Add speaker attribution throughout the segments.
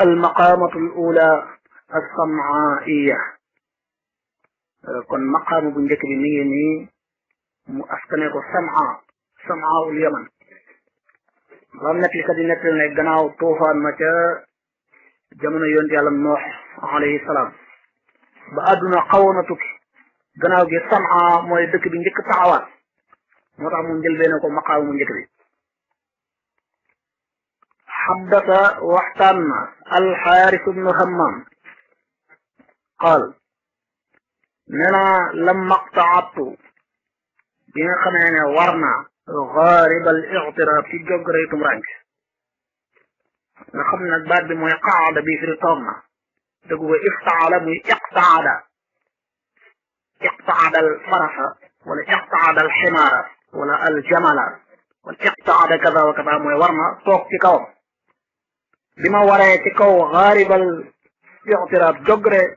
Speaker 1: المقامة الأولى السمعائية كن مقام بن جكري ميني مؤسكنيك السمعاء سمعاء اليمن في نتل كذي نتل نجناو طوفان مجا جمنا يوندي على النوح عليه السلام بأدنا قونتك جناو جي سمعاء مويدك بن جكري تعوان مرامون جلبينك مقام بن جكري حدث واحتمى الحارث بن همام قال ننا لما اقتعدت بين خمعنا ورنا غارب الاعتراف في جوجريت مرانك نخمنا الباب بما يقعد الطامة تقوى افتعل بي اقتعد اقتعد الفرح ولا اقتعد الحمار ولا الجمل والاقتعد كذا وكذا مي ورنا توقف في كوم بما وراي تكو غارب الاعتراض جغر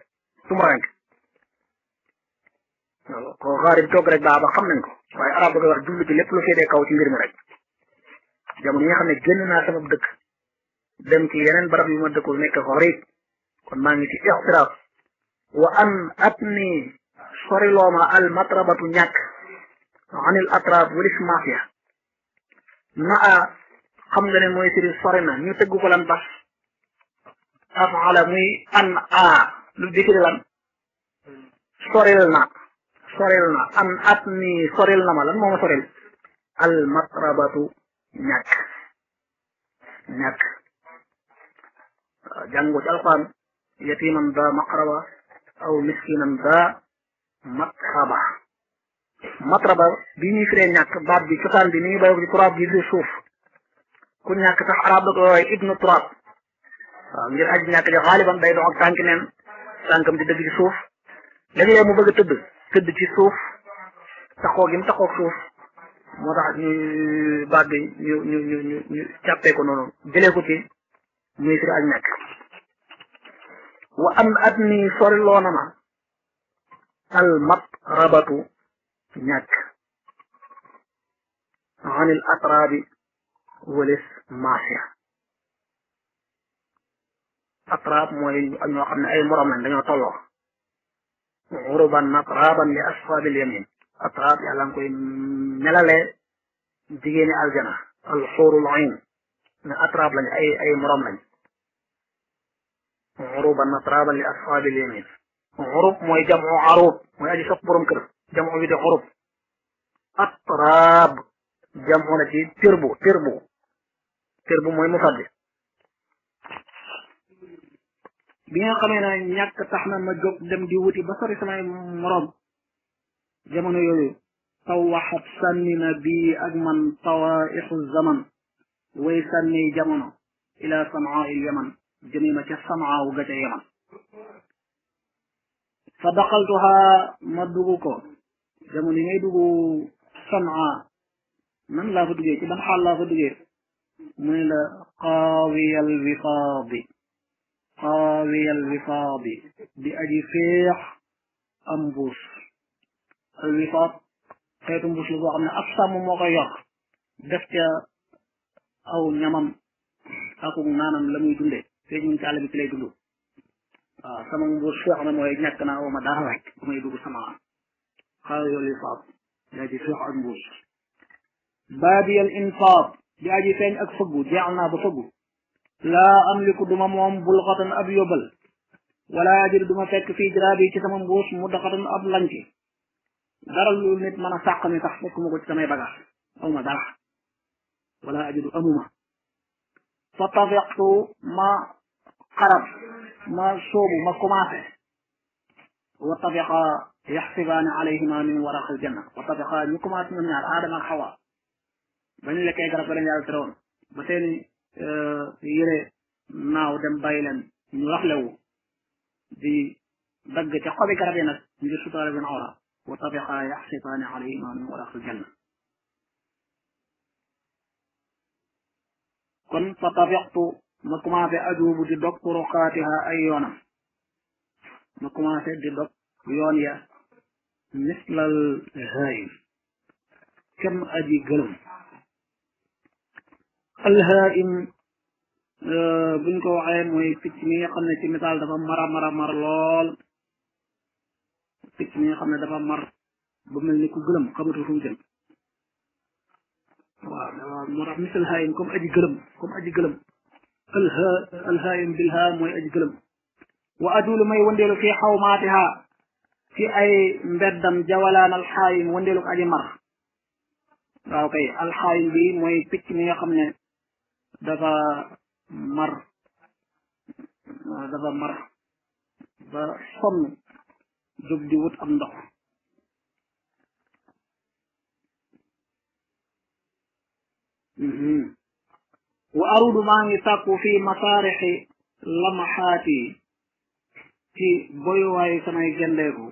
Speaker 1: تمرنك كو غارب جغر بابا خمنك واي عرب غير جولي لي لپلو سي ديكاو تي ميرم رك جام ني خامي جننا سما دك دم تي يينن برام يما دكو نيك خوري كون ماغي تي اعتراض وان اتني سوري لوما المطربه نياك عن الاطراف والاسماعيه مع xam nga ne mooy firi sori na ñu tëgg ko lan bas afaala muy an a lu di lan soril na soril na an at ni soril na ma lan moo ma soril al matrabatu ñàkk ñàkk jàngu ci alquran yatiman da maqraba aw miskinan da matraba matraba bi ñuy firee ñàkk baat bi cosaan bi ni ñu bayoo ci turaab bi di suuf كنا كتاx arab da ko woy ibnu turab waaw ngir aj ñàkk li xaaliban day dox ak tànk neen tànkam di dëgg ci suuf léegi-léeg mu bëgg a tëdd tëdd ci suuf taxoo gi mu taxoo suuf moo tax ñu baat bi ñu ñu ñu ñu ñu càppee ko noonu jëlee ko ci muy sir ak ñàkk wa am at mi sori loona ma al mat rabatu ñàkk anil atrabi ولس ماسيا أطراب موي أن يقمنا أي مرام من دنيا طلو غربا مطرابا لأصحاب اليمين أطراب يعلم كوي ملالة ديين الجنة الحور العين من أطراب لن أي أي مرام من غربا مطرابا لأصحاب اليمين غرب موي جمع عروب موي أجي سكبرم كرب جمع يدي غرب أطراب جمعنا تي تربو تربو kër bu mooy mufaddi bi nga xamee ne ñàkk tax na ma jóg dem di wuti ba sori samay moroom jamono yooyu tawaxat sànni na bii ak man tawaixu zaman way sànni jamono ila samaa il yaman jëmee ma ca samaaw ga ca yaman fa daxaltuha ma dugg ko jamono yi ngay dugg samaa nan laa fa duggee ci ban xaal laa fa duggee من القاضي الوفاضي قاضي الوفاضي بأجي فيح أمبوس الوفاض خيط أمبوس لذو عمنا أفسا مموغا يغ دفتا أو نمم أكو نانم لم يدلي فيجي من تعالي بكلي دلو آه سمم أمبوس شوح أنا مو يجنك أنا أو مدارك وما يدوك سمعا قاضي الوفاض بأجي فيح أمبوس بابي الإنفاض لأجي فين أكفقو جعلنا بفقو لا أملك دمامهم بلغة أب يبل ولا أجل دمام فك في جرابي كسما بوس مدقة أب لنجي دار اللول نت منا ساقا نتحفق مغج سمي بغا أو ما دار ولا أجد أموما فطفقت ما قرب ما صوب ما كماته وطفق يحسبان عليهما من ورق الجنة وطفق نكمات من النار آدم الحوار bañ lekkee garab ba leen yàlla terewoon ba seen yére naaw dem bàyyi leen ñu raxlewu di dagg ca xobi garab yi nag ngir sutaare bin awra wa tabiqa yaxsitaani alayhima min waraqil janna kon fa tabiqtu ma commencé ajuubu di dog turuqaatiha ay yoonam ma commencé di dog yoon ya mislal haayim kem aji gëlëm الهائم آه، بن كوعي موي بيتني خمنا سي مثال دفا مرا مرا مر لول بيتني خمنا دفا مر بملني كو غلم خبر روم جيم وا دابا مرا مثل هائم كوم ادي غلم كوم ادي غلم الهائم بالها موي ادي غلم وادول مي وندلو في حوماتها في اي مبدم جولان الحائم وندلو ادي مر واو كاي الحائم بي موي بيتني خمنا دابا مر دابا مر دابا صم زبدي وت امدو وأرود ما يتاق في مطارح لمحاتي في بيوة يسمى جنده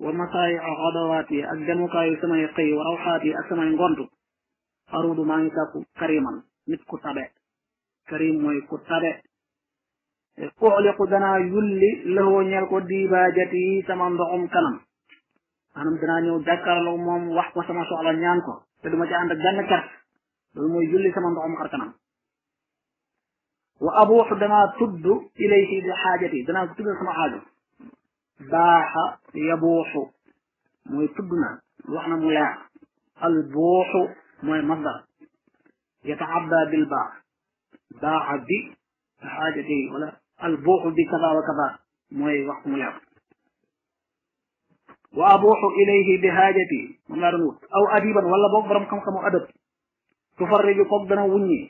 Speaker 1: ومساع غضواتي أجدمك يسمى قي وروحاتي أسمى غندو أرود ما يتاق كريما نتكو تبعت كريم موي كتاب أعلق دنا يلي له نيالكو ديبا جتي سمان دعوم كلام أنا دنا نيو دكار لو موم وحبا سما سوالا نيانكو تدو مجا عندك دنا كرس لو موي يلي سمان دعوم كلام وأبوح دنا تد إليه بحاجتي دنا تد سما حاجة باح يبوح موي تدنا وحنا ملاح البوح موي مصدر يتعبى بالباح باع بي حاجتين ولا البوح بكذا وكذا mooy wax mu yàq wa abuxu ilayhi bi haajati moom laa doon wut aw adiban wala boog borom xam-xamu adab tufarriju koog dana wuññi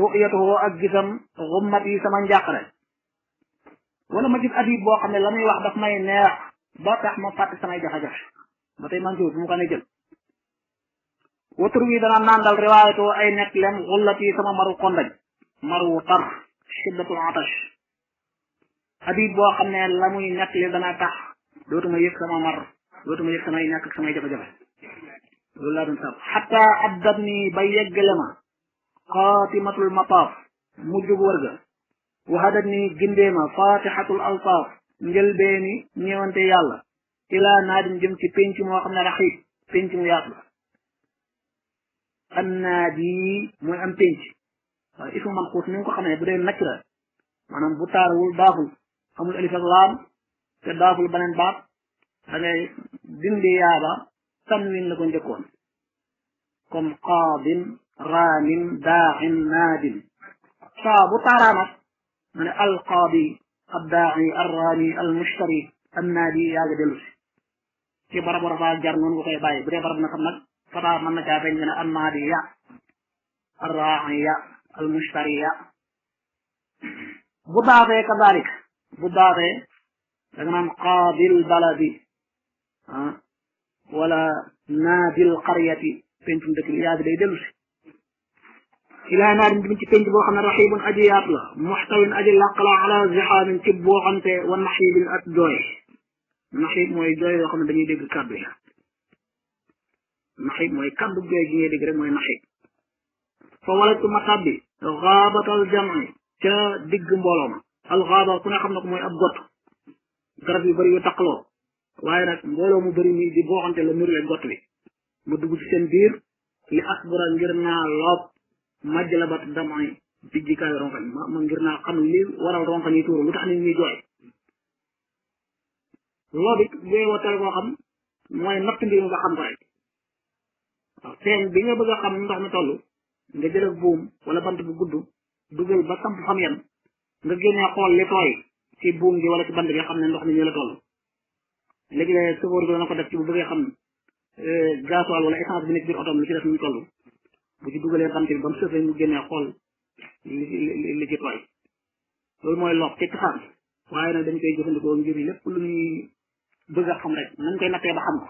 Speaker 1: ru'yatuhu ak gisam xummat yi sama njàqare wala ma gis adib boo xam ne la muy wax daf may neex ba tax ma fàtte samay jafe-jafe ba tey man ci wut bu mu ko ne jël watur wi dana nandal riwaayatu ay nekk lem xullat yi sama maru kondañ maru tar shiddatul atash habib boo xam ne la muy nekk li dana tax dootuma yëg sama mar dootuma yëg samay nekk samay jafe-jafe loolu laa doon sab xatta addat ni ba yeggale ma xaatimatul mataaf mujjug wërga waxadat ni gindee ma fatixatul altaaf njëlbeeni ñëwante yàlla ilaa naadin jëm ci penc moo xam ne raxiib penc mu yaatu la an naadi mooy am penc waaye ifu manquus ni nga ko xamee bu dee nakira maanaam bu taarawul daaful amul alif ak laam te daaful beneen baat da ngay dindi yaaba tanwin la ko njëkkoon comme qaadin raamin daaxin naadin saa bu taaraa nag ma ne alqaadi addaaci arraami almushtari annaadi yaa nga dellu si ci barabu rafaa jar noonu nga koy bàyyi bu dee barab na xam nag fataa mën na caa feeñ nga ne annaadi ya arraaci ya المشترية بضاعة كذلك بضاعة لكن قاضي البلد ولا نادي القرية بنتم دك الياد لي دلوسي إلى نار من بنت بوخنا رحيب أجي يطلع محتوي أجي لقلا على زحام تب انت والنحيب الأتدوي نحيب موي دوي وخنا بني دك كادو نحيب موي كادو جي دك رك موي نحيب فولدت مكابي ghabatal jam'i ca digg mbooloo ma al ghaba ku ne xam na ko mooy ab gott garab yu bari yu taqloo waaye nag mbooloo mu bari mi di booxante la nurle gott wi mu dugg ci seen biir li asbura ngir naa loob majlabat damay dijjikaay ronkañ ma ma ngir naa xam li waral ronkañ yi tuuru lu tax nit ñuy jooy loobit weewatal koo xam mooy natt mbir nga xam rek waaw bi nga bëgg xam nga jël ak buum wala bant bu gudd dugal ba samp fam yem nga génnee xool li tooy ci buum gi wala ci bant bi xam ne ndox mi ñu la toll léegi la sofóor bi dana ko def ci bu bëggee xam euh, gasoil wala essence bi ni biir otom lu ci def ñu toll bu ci dugalee bant bi ba mu sëfee mu génnee xool li lépp lu ñuy bëgg a xam rek nañ koy nattee ba xam ko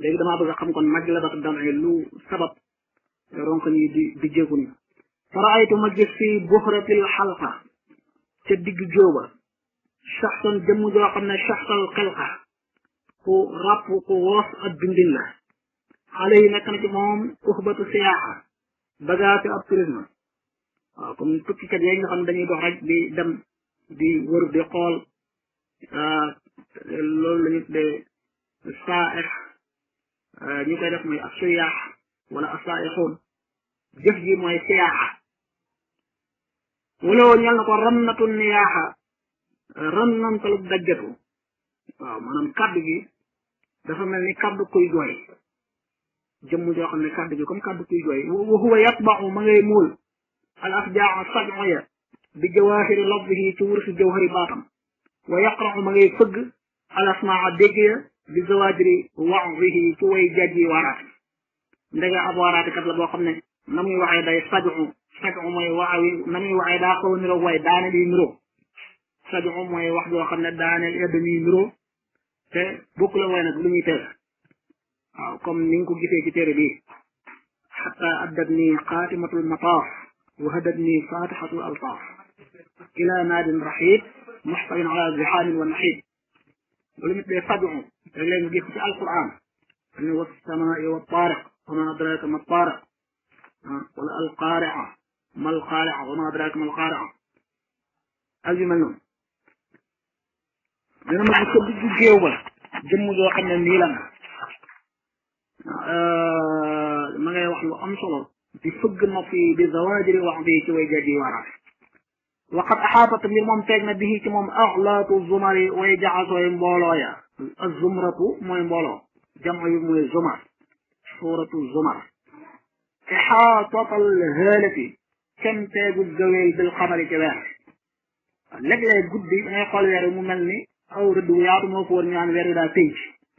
Speaker 1: léegi damaa bëgg xam kon maj la ba dana lu sabab ronkañ yi di di jéguñu faraaytu ma gis fii buxratil xalqa ca digg jóoba saxsan jëmm joo xam ne saxsal xelqa ku ràpp ku woos ab bindin la xale yi nekk na ci moom uxbatu siyaaxa bagage ab tourisme waaw comme tukkikat yooyu nga xam ne dañuy dox rek di dem di wër di xool loolu la ñu tuddee saa ñu koy def mooy ak suyaax ولا أصائحون جفج موي سياحة ولو نيال نكو رمنة النياحة رمنة تلوك دجتو مانم كاد جي دفا ملني كاد كوي جوي جم جو خمنا كاد جي كم كاد كوي جوي وهو يطبع من مول الأفجاع الصدعية بجواهر لفظه تورس جوهر باطم ويقرع من فق على الدجية بزواجر وعظه كوي جاجي ndege ab waaraatikat la boo xam ne na muy waxee day saju saju mooy waawi na muy waxee daa xaw a niroo waaye daaneel yi niroo saju mooy wax joo xam ne daaneel edd ñuy niroo te bokk la way nag lu muy teel waaw comme ni nga ko gisee ci téere bi xata addat nii xaatimatul mataaf wa hadat nii fatixatul altaaf ila naadin raxiib muxtawin ala zixaamin wa naxiib lu mit dee saju rek léegi nga gis ci alquran ne wa samaai wa taariq وما أدراك ما الطارق القارعة ما القارعة وما أدراك ما القارعة ak yu mel noonu dana ma ko digg géew ba jëmm joo xam ne nii la ma ngay wax lu am solo di وقد أحاطت بالممتاز به كمم أغلاط الزمر ويجعل مبولويا الزمرة موي جمع موي الزمر سورة الزمر إحاطة الهالة كم تاج الزويل بالقمر كباح لك لا يقول دي أنا قال يا رمو ملني أو ردو ياتو مو فورني عن غير راتيج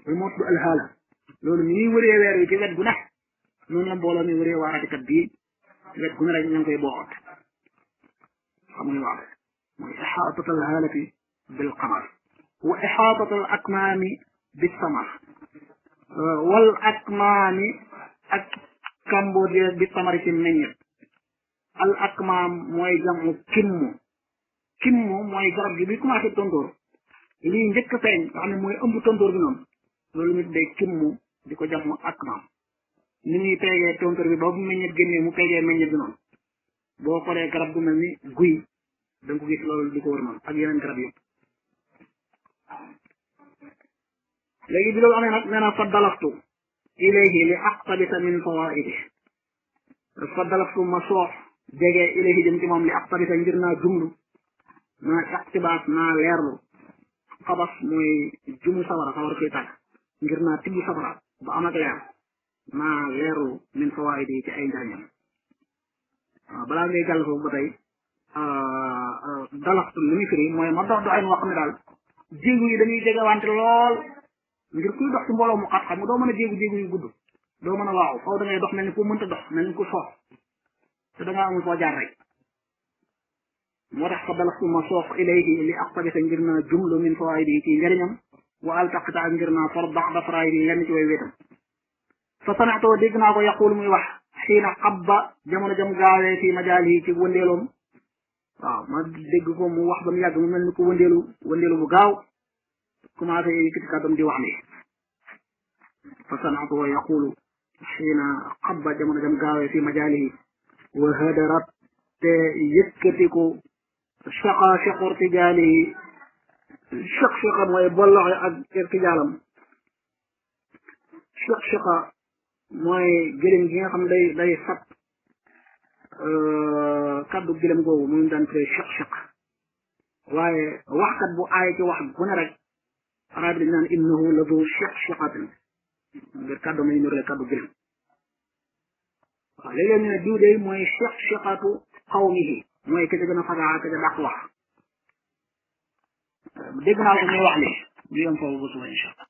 Speaker 1: ويموت بالهالة لون مي وري وري كيف يقول نح نون يبولا مي وري وارا تكبين كيف يقول نرى نيان كي بوعد خموني وعد إحاطة الهالة بالقمر وإحاطة الأكمام بالثمر wal ak maami ak cambodia bi tamari ci meññet al ak maam mooy jamu kimmu kimmu mooy garab gi bi commencé tontóor lii njëkk feeñ xam ne mooy ëmb tontóor bi noonu loolu ñu tuddee kimmu di ko jamu ak maam ni muy peegee tontóor bi boobu meññet génnee mu peegee meññet bi noonu boo xoolee garab gu mel ni guy da gis loolu di ko wër noonu ak yeneen garab yëpp léegi bi loolu a nag ilayhi li aqtabisa min fawaidi faddalaxtu ma soox jege ilayhi jëm ci moom li aqtabisa ngir naa jumlu naa iqtibaas naa leerlu xabas mooy jumu sawara sawara koy tàkk ngir naa tibbu sawara ba am ak leer naa leerlu min fawaidi balaa ngay jàll foofu ba tey ah, ah, dalaxtu li muy firi mooy ma dox doxin wax ne daal jiwu yi dañuy jegewante lool ngir kuy dox ci mbolo mu xat xam do meuna mën a yu gudd do meuna waaw faaw da ngay dox melni ko meunta dox melni ko xox te da nga amul foo jaar rek motax ko fa dalastu ma soof ilayhi li aqtabisa ngir naa jumlu min fawaidi ci njëriñam wa altaqita ngir naa for bax da faraidi lenn ci way wetam fa sanatoo dégg naa ko yaqul muy wax xina qabba jamono jam gaawé fi majali ci wëndeeloom waaw ma dégg ko mu wax ba mu yàgg mu mel ni ko wëndeelu wëndeelu bu gaaw كماتي يكت كادم دي وعني فسمعته ويقول حين قب جمنا جم قاوي في مجاله وهدرت يكتك شقا شق ارتجاله شق شقا ويبلع ارتجالا شق شقا موي جلم جيا arab dañ naan innahu la du cheikh cheqatin ngir kàddu may nurle kàddu gërëm waaw léeg-léeg ñu ne diw day mooy cheikh cheqatu qawmihi mooy ka ca gën a fagaa ka ca dàq wax dégg naa ko muy wax li ñu yem foofu ba suba incha allah